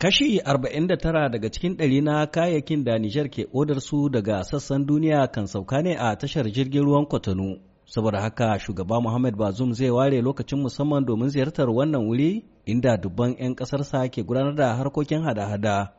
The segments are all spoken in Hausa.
Kashi 49 daga cikin ɗari na kayayyakin da Nijar ke odar su daga sassan duniya kan sauka ne a tashar jirgin ruwan Kwatano. Saboda haka shugaba Muhammad Bazum zai ware lokacin musamman domin ziyartar wannan wuri inda dubban 'yan ƙasarsa ke gudanar da harkokin hada-hada.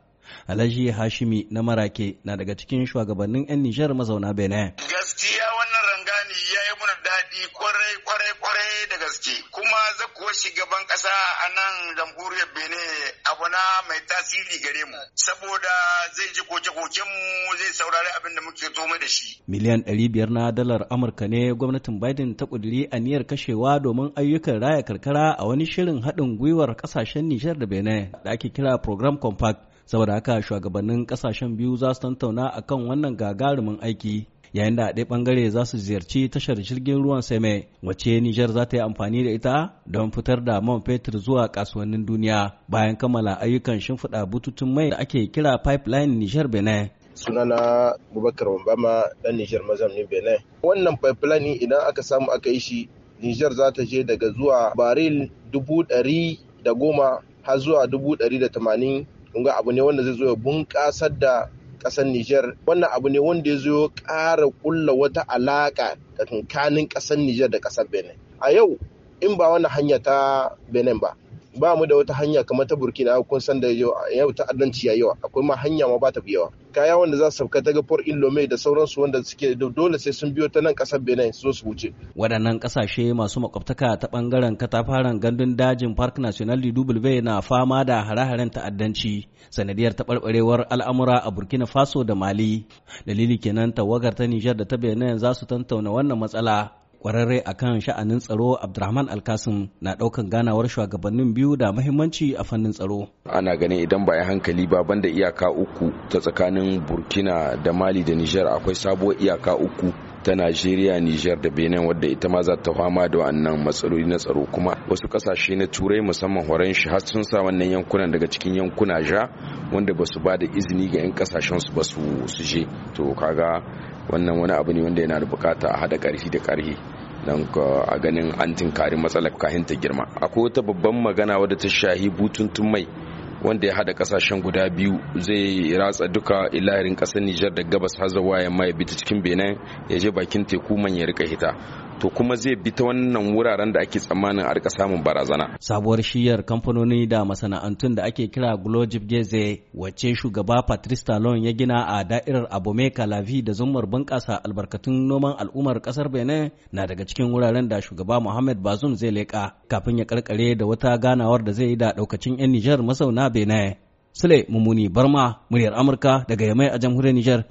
Alhaji Hashimi na Marake na daga cikin shugabannin 'yan Nijar mazauna Benin. Gaskiya wannan rangani ya yi mana daɗi kwarai kwarai kwarai da gaske kuma zakuwa shugaban ƙasa a nan jamhuriyar Benin abu na mai tasiri gare mu saboda zai ji koke-koken mu zai saurari abin da muke zo da shi. Miliyan ɗari biyar na dalar Amurka ne gwamnatin Biden ta ƙudiri aniyar kashewa domin ayyukan raya karkara a wani shirin haɗin gwiwar ƙasashen Nijar da Benin da ake kira Program Compact. Saboda haka shugabannin ƙasashen biyu za su tantauna akan wannan gagarumin aiki. yayin da a ɗaya ɓangare za su ziyarci tashar jirgin ruwan seme wacce Nijar za ta yi amfani da ita don fitar da man fetur zuwa kasuwannin duniya bayan kammala ayyukan shimfiɗa bututun mai da ake kira pipeline Nijar Benin. sunana Bubakar Wambama dan Nijar mazamnin Benin. Wannan pipeline idan aka samu aka yi shi Nijar za ta je daga zuwa baril dubu ɗari da goma har zuwa dubu ɗari da tamanin kunga abu ne wanda zai zo ya bunƙasar da ƙasar Nijar wannan abu ne wanda ya zo ƙara ƙulla wata alaƙa tsakanin ƙasar Nijar da ƙasar Benin. A yau in ba wani hanya ta Benin ba ba mu da wata hanya kamar ta burkina kun san da yau ta'addanci ya yawa akwai ma hanya ma ba ta yawa kaya wanda za su sauka ta ga port ilome da sauransu wanda suke dole sai sun biyo ta nan kasar benin su zo su wuce waɗannan ƙasashe masu makwabtaka ta ɓangaren katafaren gandun dajin park national du na fama da hare-haren ta'addanci sanadiyar taɓarɓarewar al'amura a burkina faso da mali dalili kenan tawagar ta nijar da ta benin za su tantauna wannan matsala kwararre a kan sha'anin tsaro abdurrahman alkasim na daukan ganawar shugabannin biyu da mahimmanci a fannin tsaro ana ganin idan ba ya hankali ba banda iyaka uku ta tsakanin burkina da mali da Niger akwai sabuwar iyaka uku ta Najeriya, Nijar da Benin wadda ita ma za ta fama da wannan matsaloli na tsaro kuma wasu kasashe na Turai musamman horon shi har sun sa wannan yankunan daga cikin yankuna ja wanda ba su ba da izini ga 'yan kasashen su ba su je to kaga wannan wani abu ne wanda yana da bukata a hada karfi da karfi don a ganin antin tinkari matsalar kahinta ta girma akwai wata babban magana wadda ta shahi bututun mai wanda ya hada kasashen guda biyu zai ratsa duka ilahirin kasar Nijar da gabas har zuwa yamma ya bi ta cikin Benin ya je bakin teku man ya rika hita to kuma zai bi ta wannan wuraren da ake tsammanin a rika samun barazana sabuwar shiyar kamfanoni da masana'antun da ake kira glojib geze wace shugaba patrice talon ya gina a da'irar abome kalavi da zumar bunƙasa albarkatun noman al'ummar ƙasar benin na daga cikin wuraren da shugaba Mohammed bazum zai leƙa kafin ya karkare da wata ganawar da zai yi da daukacin 'yan nijar masauna benin Sule Mummuni Barma, muryar Amurka daga Yamai a jamhuriyar Nijar.